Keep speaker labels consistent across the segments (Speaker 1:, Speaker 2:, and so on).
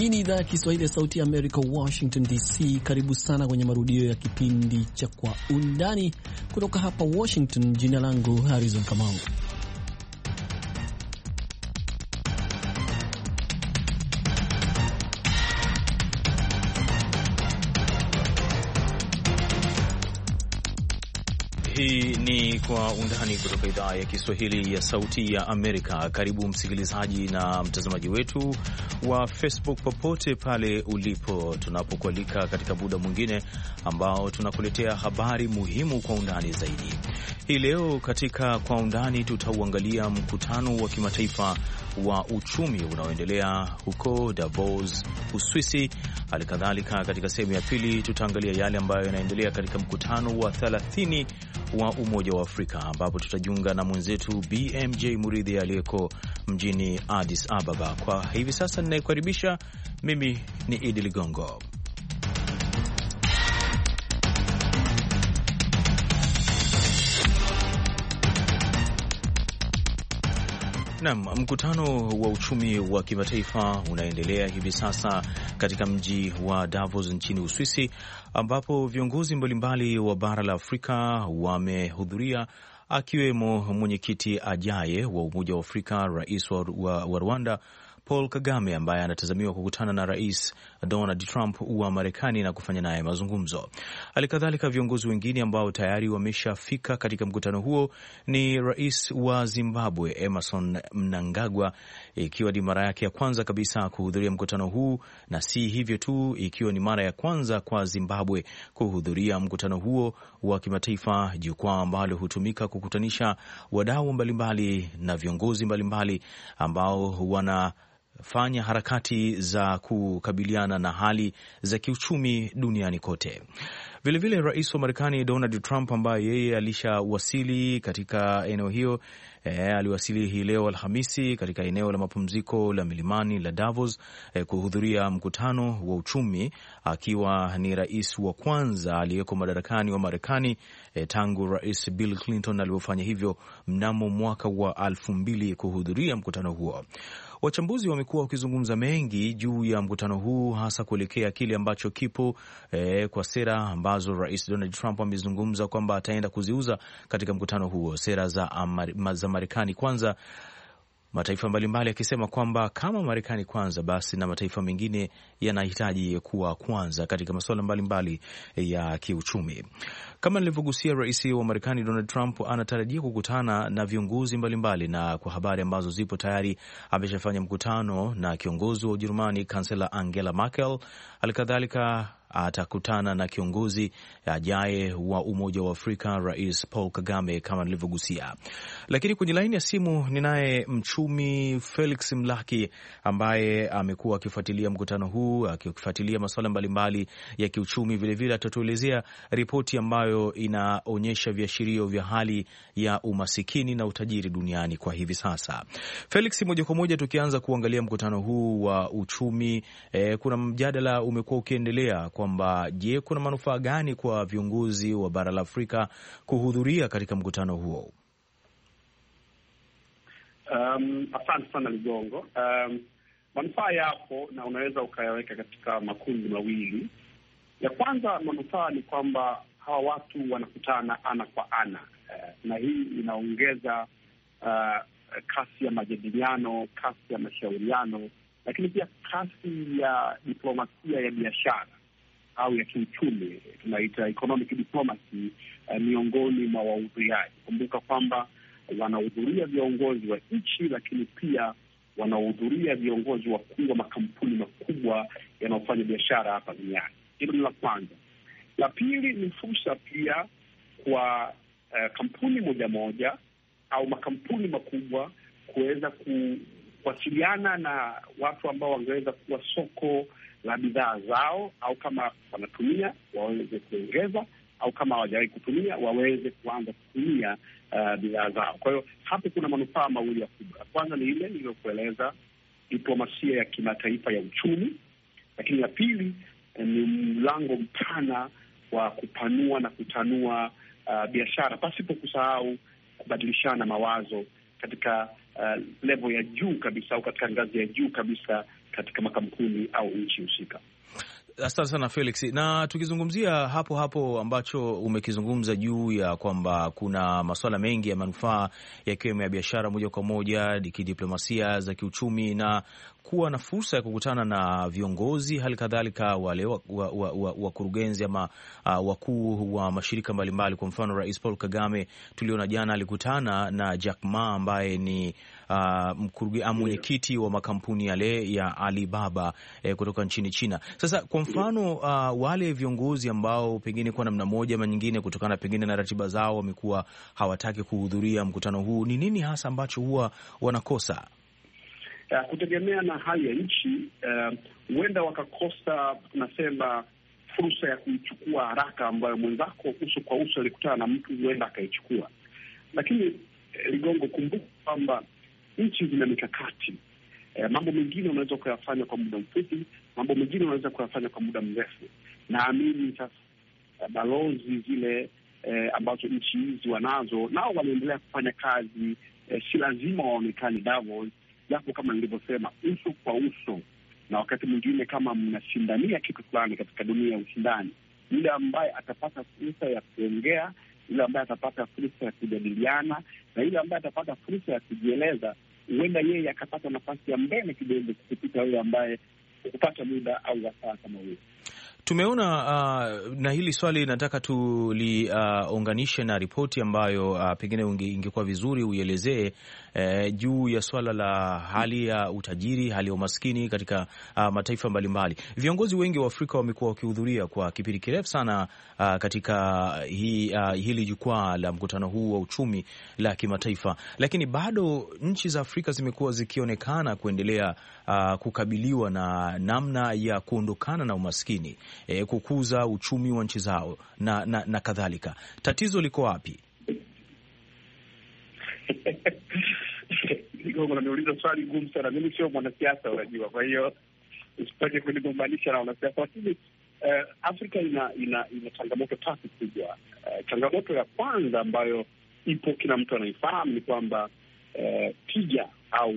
Speaker 1: Hii ni idhaa ya Kiswahili ya Sauti ya Amerika, Washington DC. Karibu sana kwenye marudio ya kipindi cha Kwa Undani kutoka hapa Washington. Jina langu Harrison Kamau.
Speaker 2: kwa undani kutoka idhaa ya Kiswahili ya Sauti ya Amerika. Karibu msikilizaji na mtazamaji wetu wa Facebook popote pale ulipo, tunapokualika katika muda mwingine ambao tunakuletea habari muhimu kwa undani zaidi. Hii leo katika Kwa Undani tutauangalia mkutano wa kimataifa wa uchumi unaoendelea huko Davos, Uswisi. Hali kadhalika katika sehemu ya pili tutaangalia yale ambayo yanaendelea katika mkutano wa 30 wa Umoja wa Afrika, ambapo tutajiunga na mwenzetu BMJ Muridhi aliyeko mjini Addis Ababa. Kwa hivi sasa ninayekaribisha mimi ni Idi Ligongo. nam mkutano wa uchumi wa kimataifa unaendelea hivi sasa katika mji wa Davos nchini Uswisi, ambapo viongozi mbalimbali wa bara la Afrika wamehudhuria akiwemo mwenyekiti ajaye wa Umoja wa Afrika, rais wa, wa Rwanda Paul Kagame ambaye anatazamiwa kukutana na rais Donald Trump wa Marekani na kufanya naye mazungumzo. hali kadhalika viongozi wengine ambao tayari wameshafika katika mkutano huo ni rais wa Zimbabwe Emerson Mnangagwa, ikiwa ni mara yake ya kwanza kabisa kuhudhuria mkutano huu, na si hivyo tu, ikiwa ni mara ya kwanza kwa Zimbabwe kuhudhuria mkutano huo wa kimataifa, jukwaa ambalo hutumika kukutanisha wadau mbalimbali na viongozi mbalimbali ambao wana fanya harakati za kukabiliana na hali za kiuchumi duniani kote. Vilevile vile rais wa Marekani Donald Trump ambaye yeye alishawasili katika eneo hiyo E, aliwasili hii leo Alhamisi katika eneo la mapumziko la milimani la Davos e, kuhudhuria mkutano wa uchumi akiwa ni rais wa kwanza aliyeko madarakani wa Marekani e, tangu Rais Bill Clinton alivyofanya hivyo mnamo mwaka wa elfu mbili kuhudhuria mkutano huo. Wachambuzi wamekuwa wakizungumza mengi juu ya mkutano huu, hasa kuelekea kile ambacho kipo eh, kwa sera ambazo Rais Donald Trump amezungumza kwamba ataenda kuziuza katika mkutano huo, sera za, za Marekani kwanza mataifa mbalimbali akisema kwamba kama Marekani kwanza, basi na mataifa mengine yanahitaji kuwa kwanza katika masuala mbalimbali ya kiuchumi. Kama nilivyogusia, rais wa Marekani Donald Trump anatarajia kukutana na viongozi mbalimbali, na kwa habari ambazo zipo tayari ameshafanya mkutano na kiongozi wa Ujerumani, kansela Angela Merkel, halikadhalika atakutana na kiongozi ajaye wa Umoja wa Afrika, Rais Paul Kagame, kama nilivyogusia. Lakini kwenye laini ya simu ninaye mchumi Felix Mlaki ambaye amekuwa akifuatilia mkutano huu, akifuatilia masuala mbalimbali ya kiuchumi. Vilevile atatuelezea ripoti ambayo inaonyesha viashirio vya hali ya umasikini na utajiri duniani kwa hivi sasa. Felix, moja kwa moja tukianza kuangalia mkutano huu wa uchumi, eh, kuna mjadala umekuwa ukiendelea kwamba je, kuna manufaa gani kwa viongozi wa bara la Afrika kuhudhuria katika mkutano huo?
Speaker 1: Um, asante sana Ligongo. Um, manufaa yapo na unaweza ukayaweka katika makundi mawili. Ya kwanza manufaa ni kwamba hawa watu wanakutana ana kwa ana uh, na hii inaongeza uh, kasi ya majadiliano, kasi ya mashauriano, lakini pia kasi ya diplomasia ya biashara au ya kiuchumi, tunaita economic diplomacy eh, miongoni mwa wahudhuriaji. Kumbuka kwamba wanahudhuria viongozi wa nchi, lakini pia wanahudhuria viongozi wakuu wa makampuni makubwa yanayofanya biashara hapa duniani. Hilo ni la kwanza. La pili ni fursa pia kwa uh, kampuni moja moja au makampuni makubwa kuweza kuwasiliana na watu ambao wangeweza kuwa soko la bidhaa zao, au kama wanatumia waweze kuongeza, au kama hawajawahi kutumia waweze kuanza kutumia uh, bidhaa zao. Kwa hiyo hapo kuna manufaa mawili ya kubwa. Kwanza ni ile niliyokueleza diplomasia ya kimataifa ya uchumi, lakini la pili eh, ni mlango mpana wa kupanua na kutanua uh, biashara pasipo kusahau kubadilishana mawazo katika uh, levo ya juu kabisa au katika ngazi ya juu kabisa katika makampuni au nchi husika.
Speaker 2: Asante sana Felix. Na tukizungumzia hapo hapo ambacho umekizungumza juu ya kwamba kuna masuala mengi ya manufaa yakiwemo ya biashara moja kwa moja, kidiplomasia, za kiuchumi na kuwa na fursa ya kukutana na viongozi, hali kadhalika wale wakurugenzi wa, wa, wa, wa ama uh, wakuu wa mashirika mbalimbali. Kwa mfano Rais Paul Kagame tuliona jana alikutana na Jack Ma ambaye ni Uh, uh, mwenyekiti wa makampuni yale ya Alibaba eh, kutoka nchini China. Sasa kwa mfano uh, wale viongozi ambao pengine kwa namna moja ama nyingine, kutokana pengine na ratiba zao, wamekuwa hawataki kuhudhuria mkutano huu, ni nini hasa ambacho huwa wanakosa?
Speaker 1: Uh, kutegemea na hali ya nchi eh, huenda uh, wakakosa tunasema fursa ya kuichukua haraka ambayo mwenzako uso kwa uso alikutana na mtu huenda akaichukua. Lakini eh, Ligongo, kumbuka kwamba nchi zina mikakati e, mambo mengine unaweza kuyafanya kwa muda mfupi, mambo mengine unaweza kuyafanya kwa muda mrefu. Naamini sasa eh, balozi zile e, ambazo nchi hizi wanazo nao wanaendelea kufanya kazi e, si lazima waonekane Davos, japo kama nilivyosema, uso kwa uso, na wakati mwingine kama mnashindania kitu fulani katika dunia ya ushindani, yule ambaye atapata fursa ya kuongea, yule ambaye atapata fursa ya kujadiliana na yule ambaye atapata fursa ya kujieleza huenda yeye akapata nafasi ya mbele kidogo kupita huyo ambaye kupata muda au wasaa kama huyo
Speaker 2: Tumeona uh, na hili swali nataka tuliunganishe uh, na ripoti ambayo uh, pengine ingekuwa vizuri uielezee uh, juu ya swala la hali ya utajiri, hali ya umaskini katika uh, mataifa mbalimbali. Viongozi wengi wa Afrika wamekuwa wakihudhuria kwa kipindi kirefu sana uh, katika hi, uh, hili jukwaa la mkutano huu wa uchumi la kimataifa, lakini bado nchi za Afrika zimekuwa zikionekana kuendelea uh, kukabiliwa na namna ya kuondokana na umaskini e, kukuza uchumi wa nchi zao na, na, na kadhalika. Tatizo liko wapi?
Speaker 1: Unaniuliza swali ngumu sana. Mimi sio mwanasiasa, unajua, kwa hiyo usipake kunigombanisha na wanasiasa, lakini uh, Afrika ina ina, ina changamoto tatu kubwa. Uh, changamoto ya kwanza ambayo ipo, kila mtu anaifahamu ni kwamba uh, tija au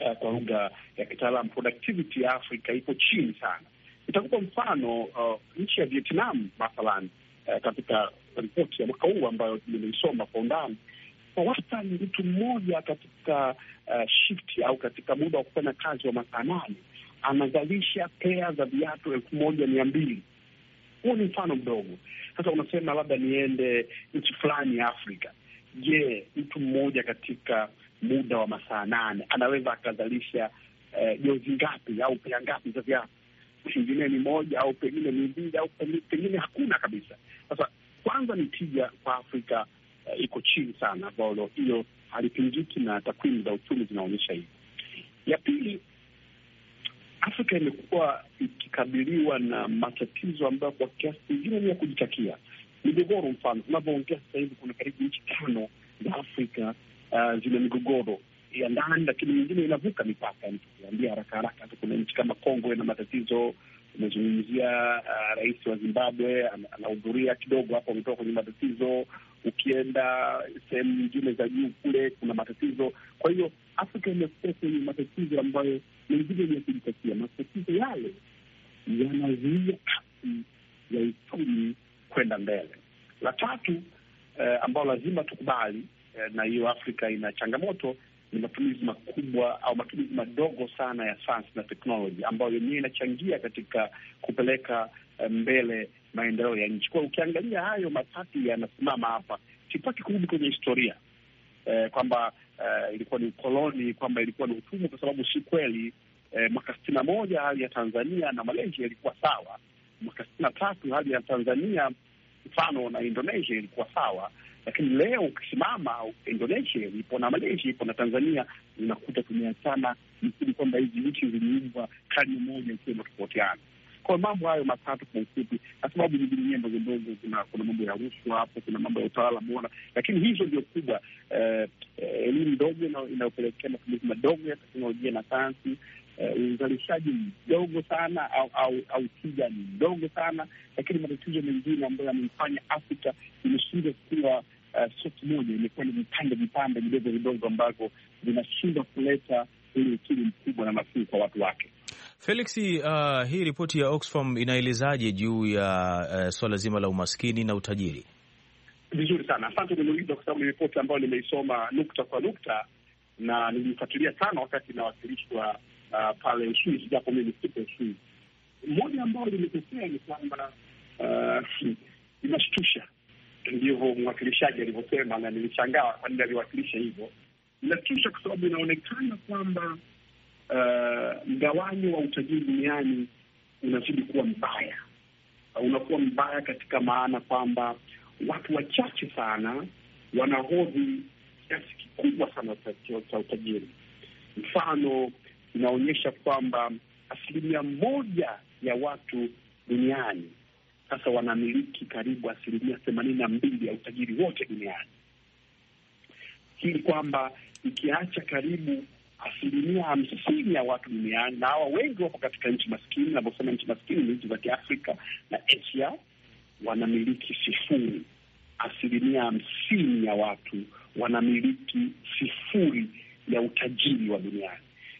Speaker 1: uh, kwa lugha ya kitaalamu productivity ya Afrika ipo chini sana. Itakupa mfano uh, nchi ya Vietnam mathalan, uh, katika ripoti ya mwaka huu ambayo nimeisoma kwa undani, kwa wastani mtu mmoja katika uh, shift au katika muda wa kufanya kazi wa masaa nane anazalisha pea za viatu elfu moja mia mbili. Huo ni mfano mdogo. Sasa unasema labda niende nchi fulani ya Afrika. Je, mtu mmoja katika muda wa masaa nane anaweza akazalisha uh, jozi uh, ngapi au pea ngapi za viatu? pengine ni moja au pengine ni mbili au pengine hakuna kabisa. Sasa kwanza ni tija kwa Afrika uh, iko chini sana, ambalo hiyo halipingiki na takwimu za uchumi zinaonyesha hivi. Ya pili, Afrika imekuwa ikikabiliwa na matatizo ambayo kwa kiasi kingine ni ya kujitakia, migogoro. Mfano, tunavyoongea sasa hivi kuna karibu nchi tano za Afrika uh, zina migogoro ya ndani, lakini nyingine inavuka mipaka. Nikiambia haraka haraka, hata kuna nchi kama Kongo ina matatizo. Umezungumzia uh, rais wa Zimbabwe anahudhuria kidogo hapo, ametoka kwenye matatizo. Ukienda sehemu nyingine za juu kule kuna matatizo. Kwa hiyo Afrika imekuwa kwenye matatizo ambayo mengine ni ya kujitakia. Matatizo yale yanazuia kasi ya uchumi kwenda mbele. La tatu eh, ambayo lazima tukubali eh, na hiyo Afrika ina changamoto ni matumizi makubwa au matumizi madogo sana ya sayansi na teknoloji ambayo yenyewe inachangia katika kupeleka eh, mbele maendeleo ya nchi. Kwa ukiangalia hayo matatu yanasimama hapa, sipaki kurudi kwenye historia eh, kwamba eh, ilikuwa ni ukoloni, kwamba ilikuwa ni utumwa, kwa sababu si kweli. Eh, mwaka sitini na moja hali ya Tanzania na Malaysia ilikuwa sawa. Mwaka sitini na tatu hali ya Tanzania mfano na Indonesia ilikuwa sawa lakini leo ukisimama Indonesia ipo na Malaysia ipo na Tanzania, unakuta tumeachana mkini kwamba hizi nchi ziliumbwa karne moja ikiwa inatofautiana. Kwa mambo hayo matatu kwa ufupi, kwa sababu ni nyingine ndogo ndogo, kuna kuna mambo ya rushwa hapo, kuna mambo ya utawala bora, lakini hizo ndio kubwa. Eh, eh, elimu ndogo inayopelekea matumizi madogo ya teknolojia na sayansi, eh, uzalishaji mdogo sana au au au tija ni mdogo sana, lakini matatizo mengine ambayo yamemfanya Afrika imeshindwa kuwa uh, eh, moja imekuwa ni vipande vipande vidogo vidogo ambavyo vinashindwa kuleta ule ukili mkubwa na nafuu kwa watu wake.
Speaker 2: Felix, uh, hii ripoti ya Oxfam inaelezaje juu ya uh, swala zima la umaskini na utajiri?
Speaker 1: Vizuri sana, asante. Nimeuliza kwa sababu ni ripoti ambayo nimeisoma nukta kwa nukta na nilifuatilia sana wakati inawakilishwa uh, pale Uswizi, japo mimi sipo Uswizi. Moja ambayo limetokea ni kwamba uh, inashtusha ndivyo mwakilishaji alivyosema, na nilishangaa kwa nini aliwakilisha hivyo. Inatisha kwa sababu inaonekana kwamba uh, mgawanyo wa utajiri duniani unazidi kuwa mbaya, unakuwa mbaya katika maana kwamba watu wachache sana wanahodhi kiasi kikubwa sana cha utajiri. Mfano inaonyesha kwamba asilimia moja ya watu duniani sasa wanamiliki karibu asilimia themanini na mbili ya utajiri wote duniani. Hii kwamba ikiacha karibu asilimia hamsini ya watu duniani, na hawa wengi wako katika nchi maskini. Navyosema nchi maskini ni nchi za Kiafrika na Asia, wanamiliki sifuri. Asilimia hamsini ya watu wanamiliki sifuri ya utajiri wa duniani.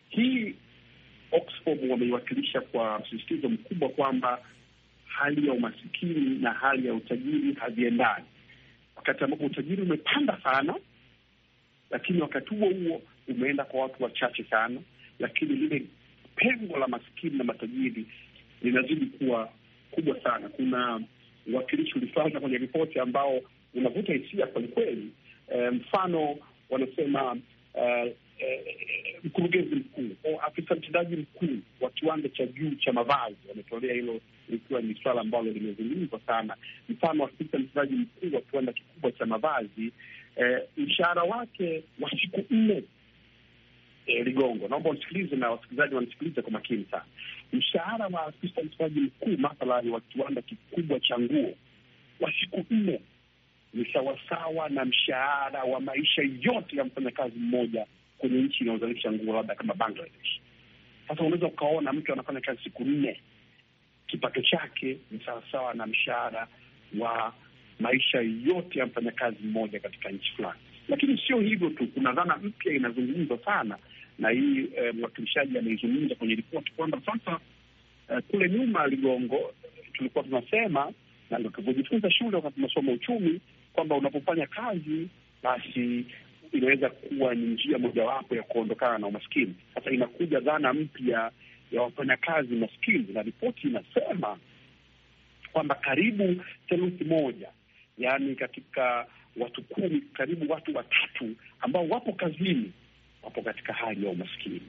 Speaker 1: Hii Oxfam wameiwakilisha kwa msisitizo mkubwa kwamba hali ya umasikini na hali ya utajiri haziendani Wakati ambapo utajiri umepanda sana, lakini wakati huo huo umeenda kwa watu wachache sana, lakini lile pengo la masikini na matajiri linazidi kuwa kubwa sana. Kuna uwakilishi ulifanya kwenye ripoti ambao unavuta hisia kwelikweli. E, mfano wanasema Uh, uh, mkurugenzi mkuu afisa mtendaji mkuu wa kiwanda cha juu cha mavazi wametolea hilo likiwa ni swala ambalo limezungumzwa sana. Mfano, afisa mtendaji mkuu wa kiwanda kikubwa cha mavazi uh, mshahara wake wa siku nne E, Ligongo, naomba unisikilize na wasikilizaji wanisikilize kwa makini sana. Mshahara wa afisa mtendaji mkuu mathalani wa kiwanda kikubwa cha nguo wa siku nne ni sawasawa na mshahara wa maisha yote ya mfanyakazi mmoja kwenye nchi inayozalisha nguo labda kama Bangladesh. Sasa unaweza ukaona mtu anafanya kazi siku nne, kipato chake ni sawasawa na mshahara wa maisha yote ya mfanyakazi mmoja katika nchi fulani. Lakini sio hivyo tu, kuna dhana mpya inazungumzwa sana na hii eh, mwakilishaji ameizungumza kwenye ripoti kwamba sasa eh, kule nyuma Ligongo eh, tulikuwa tunasema na ndo tulivyojifunza shule wakati tunasoma uchumi kwamba unapofanya kazi basi inaweza kuwa ni njia mojawapo ya kuondokana na umaskini. Sasa inakuja dhana mpya ya wafanyakazi maskini, na ripoti inasema kwamba karibu theluthi moja, yaani katika watu kumi, karibu watu watatu ambao wapo kazini wapo katika hali ya umaskini.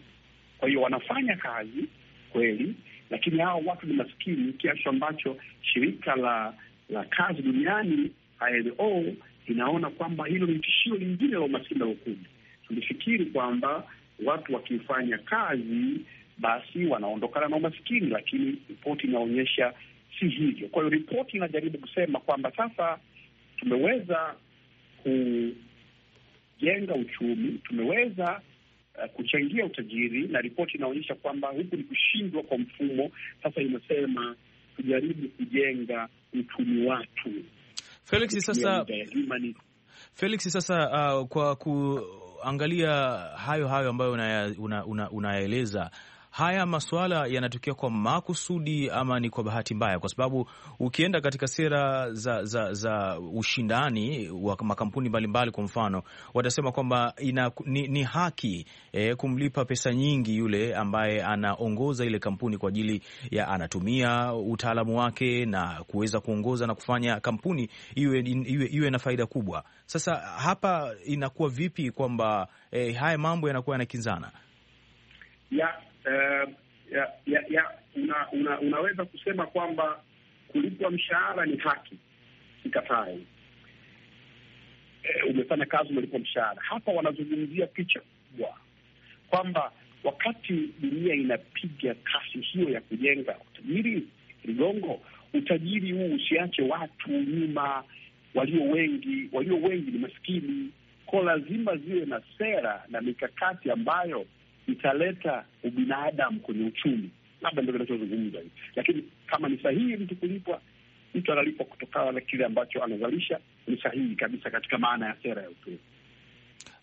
Speaker 1: Kwa hiyo wanafanya kazi kweli, lakini hao watu ni maskini, kiasi ambacho shirika la la kazi duniani ILO inaona kwamba hilo ni tishio lingine la umaskini la ukubwa. Tulifikiri kwamba watu wakifanya kazi basi wanaondokana na umaskini, lakini ripoti inaonyesha si hivyo. Kwa hiyo ripoti inajaribu kusema kwamba sasa tumeweza kujenga uchumi, tumeweza uh, kuchangia utajiri, na ripoti inaonyesha kwamba huku ni kushindwa kwa mfumo. Sasa inasema tujaribu kujenga uchumi watu
Speaker 2: Felix, sasa Felix, sasa uh, kwa kuangalia hayo hayo ambayo unayaeleza una, una, una haya masuala yanatokea kwa makusudi ama ni kwa bahati mbaya? Kwa sababu ukienda katika sera za, za, za ushindani wa makampuni mbalimbali, kwa mfano watasema kwamba ina, ni, ni haki eh, kumlipa pesa nyingi yule ambaye anaongoza ile kampuni kwa ajili ya anatumia utaalamu wake na kuweza kuongoza na kufanya kampuni iwe, iwe, iwe na faida kubwa. Sasa hapa inakuwa vipi kwamba eh, haya mambo yanakuwa yanakinzana?
Speaker 1: Yeah uh, ya, ya, una, una, unaweza kusema kwamba kulipwa mshahara ni haki, sikatai. Eh, umefanya kazi, umelipwa mshahara. Hapa wanazungumzia picha kubwa kwamba wakati dunia inapiga kasi hiyo ya kujenga utajiri, Ligongo, utajiri huu usiache watu nyuma. Walio wengi walio wengi ni maskini, ko lazima ziwe na sera na mikakati ambayo italeta ubinadamu kwenye uchumi, labda ndio kinachozungumza hii. Lakini kama ni sahihi mtu kulipwa, mtu analipwa kutokana na kile ambacho anazalisha, ni sahihi kabisa katika maana ya sera ya uchumi.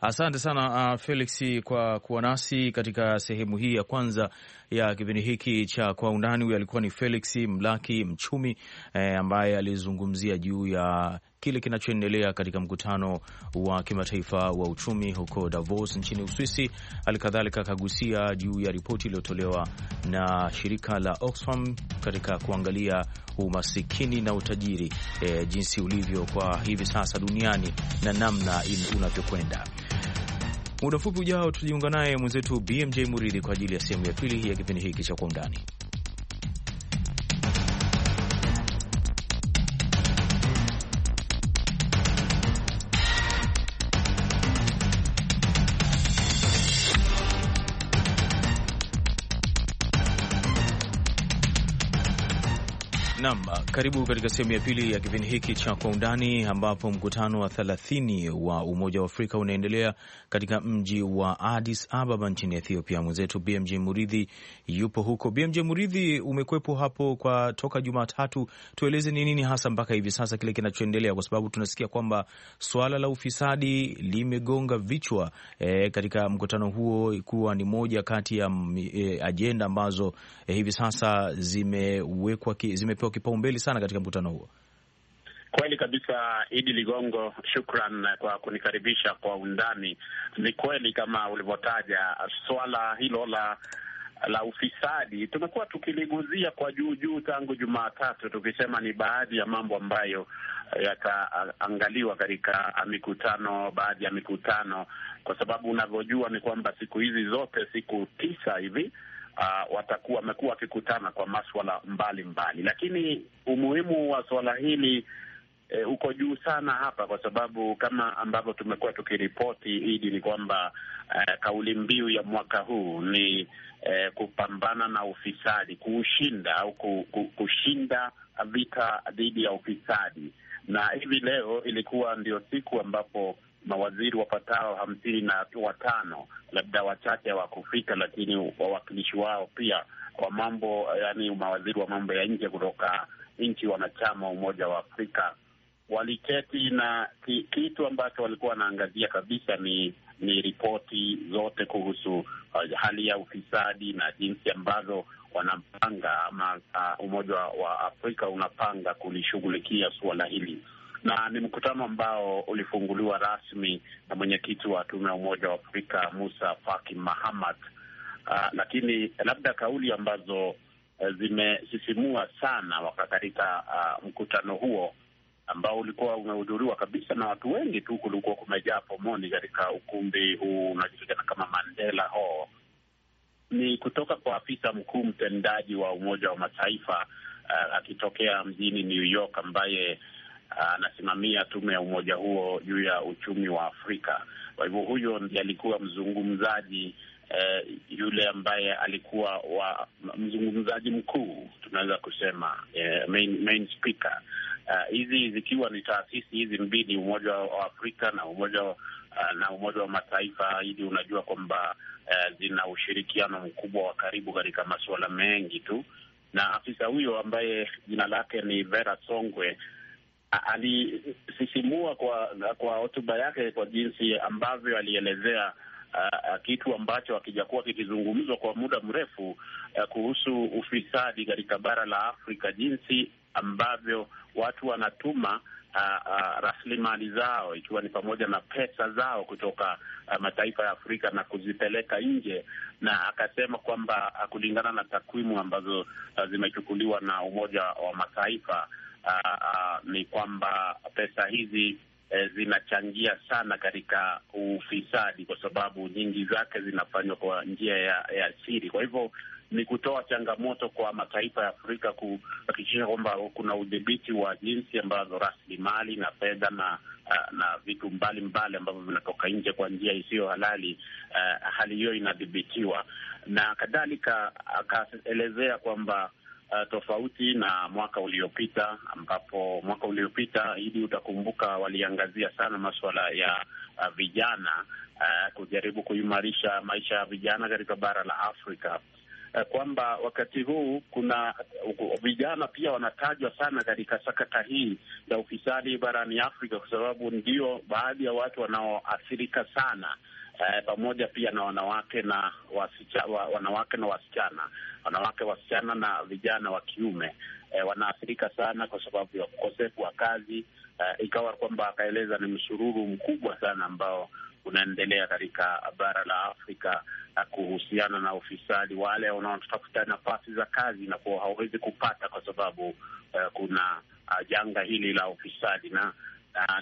Speaker 2: Asante sana uh, Felix kwa kuwa nasi katika sehemu hii ya kwanza ya kipindi hiki cha Kwa Undani. Huyu alikuwa ni Felix Mlaki, mchumi eh, ambaye alizungumzia juu ya kile kinachoendelea katika mkutano wa kimataifa wa uchumi huko Davos nchini Uswisi. Halikadhalika akagusia juu ya ripoti iliyotolewa na shirika la Oxfam katika kuangalia umasikini na utajiri, e, jinsi ulivyo kwa hivi sasa duniani na namna unavyokwenda. Muda mfupi ujao, tujiunga naye mwenzetu BMJ Muridhi kwa ajili ya sehemu ya pili ya kipindi hiki cha Kwa Undani. Naam, karibu katika sehemu ya pili ya kipindi hiki cha Kwa Undani, ambapo mkutano wa thelathini wa Umoja wa Afrika unaendelea katika mji wa Addis Ababa nchini Ethiopia. Mwenzetu BMJ Muridhi yupo huko. BMJ Muridhi, umekwepo hapo kwa toka Jumatatu, tueleze ni nini hasa mpaka hivi sasa kile kinachoendelea, kwa sababu tunasikia kwamba swala la ufisadi limegonga vichwa e, katika mkutano huo kuwa ni moja kati ya e, ajenda ambazo e, hivi sasa zimewekwa zimepewa kipaumbele sana katika mkutano huo.
Speaker 3: Kweli kabisa, Idi Ligongo, shukran kwa kunikaribisha. Kwa undani, ni kweli kama ulivyotaja swala hilo la la ufisadi tumekuwa tukiliguzia kwa juu juu tangu Jumatatu, tukisema ni baadhi ya mambo ambayo yataangaliwa katika mikutano, baadhi ya mikutano, kwa sababu unavyojua ni kwamba siku hizi zote, siku tisa hivi uh, watakuwa wamekuwa wakikutana kwa maswala mbalimbali mbali. Lakini umuhimu wa suala hili E, uko juu sana hapa kwa sababu kama ambavyo tumekuwa tukiripoti idi ni kwamba e, kauli mbiu ya mwaka huu ni e, kupambana na ufisadi, kuushinda au kushinda vita dhidi ya ufisadi, na hivi leo ilikuwa ndio siku ambapo mawaziri wapatao hamsini na watano, labda wachache hawakufika, lakini wawakilishi wao pia wa mambo, yani mawaziri wa mambo ya nje kutoka nchi wanachama wa Umoja wa Afrika waliketi na ki, kitu ambacho walikuwa wanaangazia kabisa ni ni ripoti zote kuhusu uh, hali ya ufisadi na jinsi ambavyo wanapanga ama uh, Umoja wa Afrika unapanga kulishughulikia suala hili na ni mkutano ambao ulifunguliwa rasmi na mwenyekiti wa tume ya Umoja wa Afrika Musa Faki Mahamat. Uh, lakini labda kauli ambazo uh, zimesisimua sana katika uh, mkutano huo ambao ulikuwa umehudhuriwa kabisa na watu wengi tu, kulikuwa kumejaa pomoni katika ukumbi huu unajulikana kama Mandela Hall ni kutoka kwa afisa mkuu mtendaji wa Umoja wa Mataifa uh, akitokea mjini New York ambaye anasimamia tume ya umoja huo juu ya uchumi wa Afrika. Kwa hivyo huyo ndiye alikuwa mzungumzaji eh, yule ambaye alikuwa wa mzungumzaji mkuu tunaweza kusema eh, main, main speaker ah, hizi uh, zikiwa ni taasisi hizi mbili, umoja wa Afrika na umoja wa ah, na Umoja wa Mataifa, ili unajua kwamba uh, zina ushirikiano mkubwa wa karibu katika masuala mengi tu, na afisa huyo ambaye jina lake ni Vera Songwe alisisimua kwa kwa hotuba yake kwa jinsi ambavyo alielezea uh, kitu ambacho hakijakuwa kikizungumzwa kwa muda mrefu uh, kuhusu ufisadi katika bara la Afrika, jinsi ambavyo watu wanatuma Uh, uh, rasilimali zao ikiwa ni pamoja na pesa zao kutoka uh, mataifa ya Afrika na kuzipeleka nje, na akasema kwamba kulingana na takwimu ambazo uh, zimechukuliwa na Umoja wa Mataifa Ah, ah, ni kwamba pesa hizi e, zinachangia sana katika ufisadi, kwa sababu nyingi zake zinafanywa kwa njia ya, ya siri. Kwa hivyo ni kutoa changamoto kwa mataifa ya Afrika kuhakikisha kwamba kuna udhibiti wa jinsi ambazo rasilimali na fedha na ah, na vitu mbalimbali ambavyo vinatoka nje kwa njia isiyo halali. Uh, hali hiyo inadhibitiwa na kadhalika. Akaelezea kwamba uh, tofauti na mwaka uliopita, ambapo mwaka uliopita hili utakumbuka, waliangazia sana masuala ya uh, vijana uh, kujaribu kuimarisha maisha ya vijana katika bara la Afrika kwamba wakati huu kuna vijana pia wanatajwa sana katika sakata hii ya ufisadi barani Afrika, kwa sababu ndio baadhi ya watu wanaoathirika sana eh, pamoja pia na wanawake na wasichana, wanawake na wasichana wanawake wasichana na vijana wa kiume eh, wanaathirika sana kwa sababu ya ukosefu wa kazi eh, ikawa kwamba akaeleza ni msururu mkubwa sana ambao unaendelea katika bara la Afrika eh, kuhusiana na ufisadi. Wale wanaotafuta nafasi za kazi na kuwa hawawezi kupata kwa sababu uh, kuna uh, janga hili la ufisadi na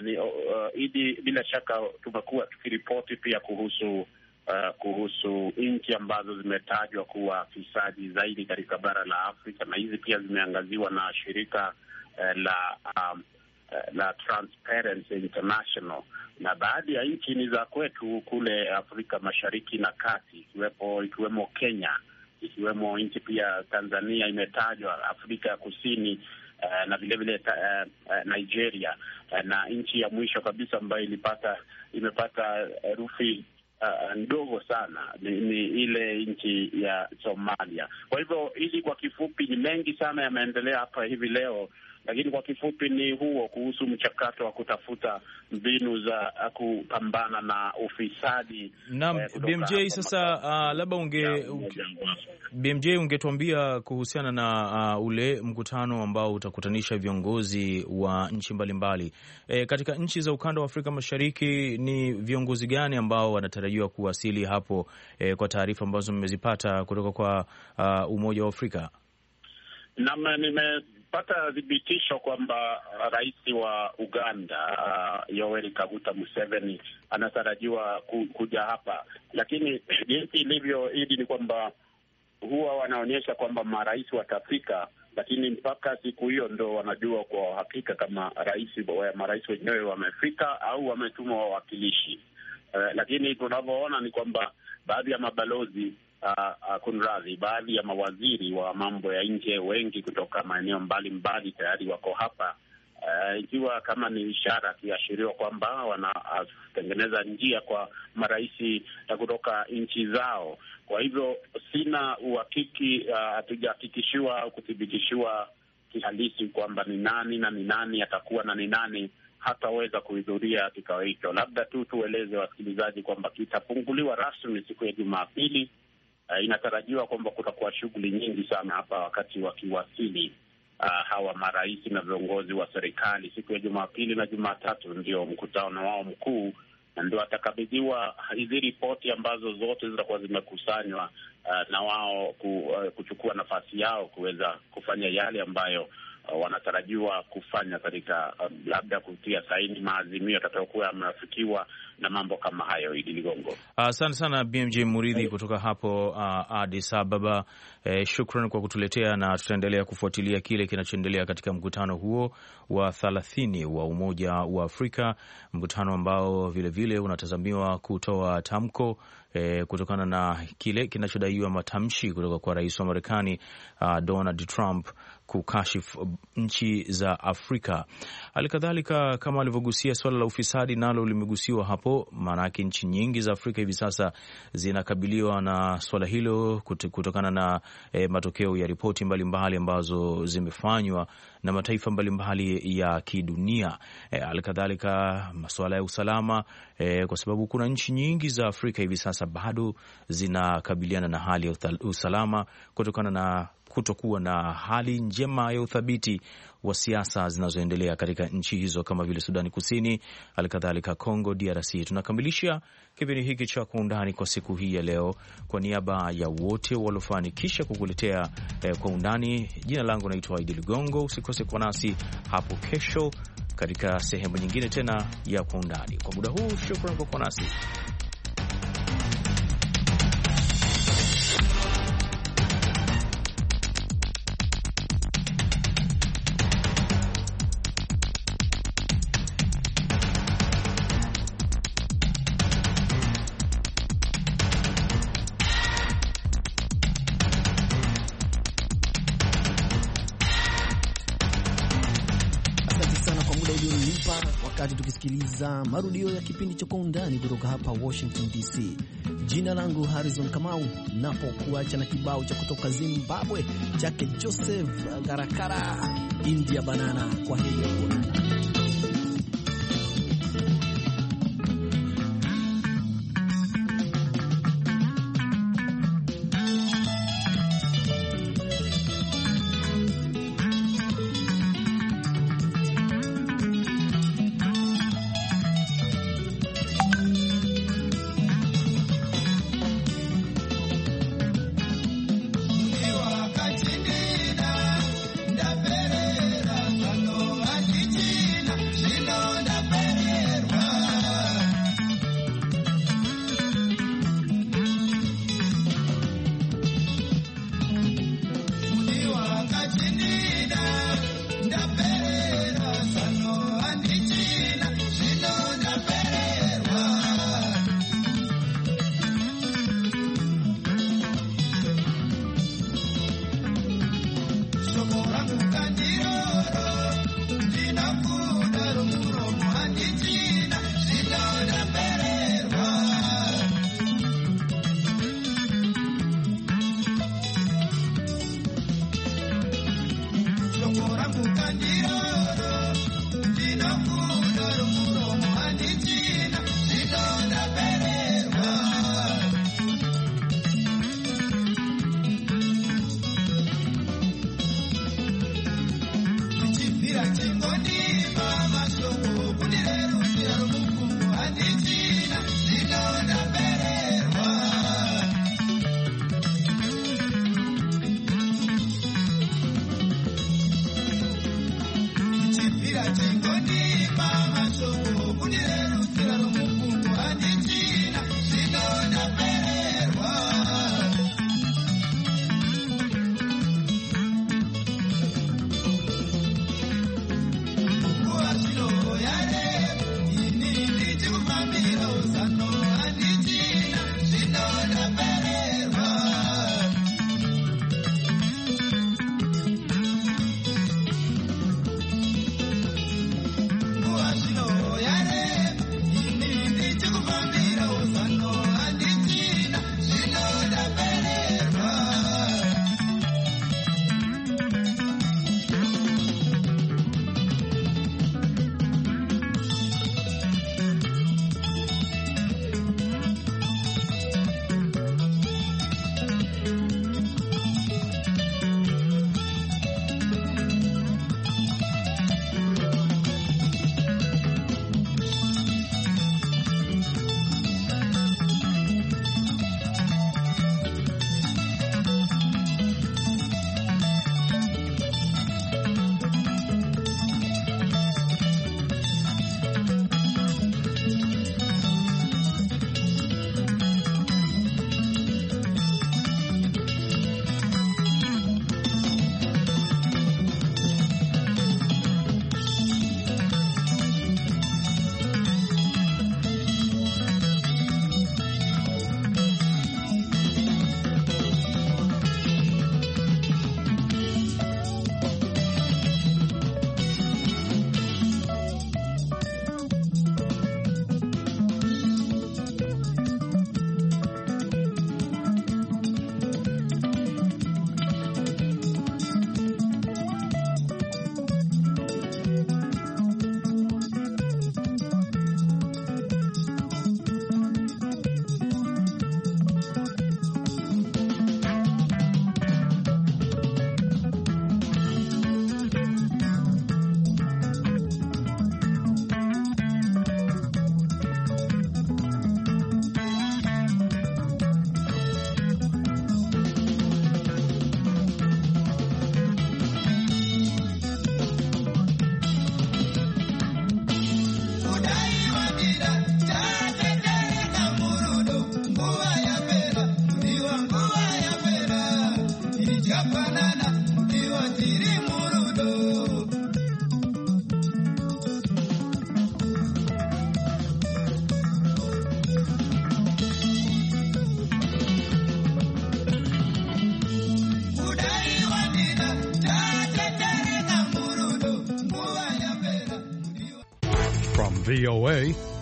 Speaker 3: ni, uh, uh, idi bila shaka tumekuwa tukiripoti pia kuhusu uh, kuhusu nchi ambazo zimetajwa kuwa fisadi zaidi katika bara la Afrika, na hizi pia zimeangaziwa na shirika uh, la um, eh, la Transparency International na baadhi ya nchi ni za kwetu kule Afrika Mashariki na Kati, ikiwepo ikiwemo Kenya, ikiwemo nchi pia Tanzania imetajwa, Afrika ya Kusini Eh, na vilevile vile uh, Nigeria uh, na nchi ya mwisho kabisa ambayo ilipata imepata herufi uh, ndogo sana ni, ni ile nchi ya Somalia. Kwa hivyo ili kwa kifupi, ni mengi sana yameendelea hapa hivi leo lakini kwa kifupi ni huo kuhusu mchakato wa kutafuta mbinu za kupambana na ufisadi.
Speaker 2: Naam, eh, BMJ sasa, uh, labda unge BMJ ungetuambia kuhusiana na uh, ule mkutano ambao utakutanisha viongozi wa nchi mbalimbali e, katika nchi za ukanda wa Afrika Mashariki, ni viongozi gani ambao wanatarajiwa kuwasili hapo e, kwa taarifa ambazo mmezipata kutoka kwa uh, Umoja wa Afrika?
Speaker 3: Naam, nime tumepata thibitisho kwamba rais wa Uganda uh, Yoweri Kaguta Museveni anatarajiwa ku, kuja hapa, lakini jinsi ilivyo hili ni kwamba huwa wanaonyesha kwamba marais watafika, lakini mpaka siku hiyo ndo wanajua kwa uhakika kama rais marais wenyewe wamefika au wametuma wawakilishi. Uh, lakini tunavyoona ni kwamba baadhi ya mabalozi uh, kunradhi, baadhi ya mawaziri wa mambo ya nje wengi kutoka maeneo mbalimbali tayari wako hapa, ah, ikiwa uh, kama ni ishara kiashiriwa kwamba wanatengeneza uh, njia kwa marais kutoka nchi zao. Kwa hivyo sina uhakiki, hatujahakikishiwa uh, au kuthibitishiwa kihalisi kwamba ni nani na ni nani atakuwa na ni nani hataweza kuhudhuria kikao hicho. Labda tu tueleze wasikilizaji kwamba kitafunguliwa rasmi siku ya Jumapili uh, inatarajiwa kwamba kutakuwa shughuli nyingi sana hapa wakati wakiwasili uh, hawa marais na viongozi wa serikali siku ya Jumapili na Jumatatu, ndio mkutano wao mkuu na ndio atakabidhiwa hizi ripoti ambazo zote zitakuwa zimekusanywa uh, na wao ku, uh, kuchukua nafasi yao kuweza kufanya yale ambayo uh, wanatarajiwa kufanya katika uh, labda kutia saini maazimio yatakayokuwa yamefikiwa na mambo kama hayo. Idi Ligongo,
Speaker 2: asante uh, sana BMJ Muridhi kutoka hapo uh, Adis Ababa. Eh, shukran kwa kutuletea na tutaendelea kufuatilia kile kinachoendelea katika mkutano huo wa thalathini wa Umoja wa Afrika, mkutano ambao vilevile unatazamiwa kutoa tamko E, kutokana na kile kinachodaiwa matamshi kutoka kwa rais wa Marekani uh, Donald Trump kukashifu uh, nchi za Afrika. Hali kadhalika kama alivyogusia suala la ufisadi, nalo limegusiwa hapo hapo, maanake nchi nyingi za Afrika hivi sasa zinakabiliwa na swala hilo kutokana na e, matokeo ya ripoti mbalimbali ambazo zimefanywa na mataifa mbalimbali mbali ya kidunia, eh, halikadhalika e, masuala ya usalama e, kwa sababu kuna nchi nyingi za Afrika hivi sasa bado zinakabiliana na hali ya usalama kutokana na kutokuwa na hali njema ya uthabiti wa siasa zinazoendelea katika nchi hizo kama vile Sudani Kusini, halikadhalika Congo DRC. Tunakamilisha kipindi hiki cha Kwa Undani kwa siku hii ya leo. Kwa niaba ya wote waliofanikisha kukuletea eh, Kwa Undani, jina langu naitwa Idi Ligongo. Usikose kwa nasi hapo kesho katika sehemu nyingine tena ya Kwa Undani. Kwa muda huu, shukran kwa kuwa nasi. kusikiliza marudio ya kipindi cha Kwa Undani kutoka hapa Washington DC. Jina langu Harrison Kamau, napokuacha na kibao cha kutoka Zimbabwe chake Joseph Garakara, India Banana. Kwa hiyo kuonana.
Speaker 4: Ora kukanjiro, dinamu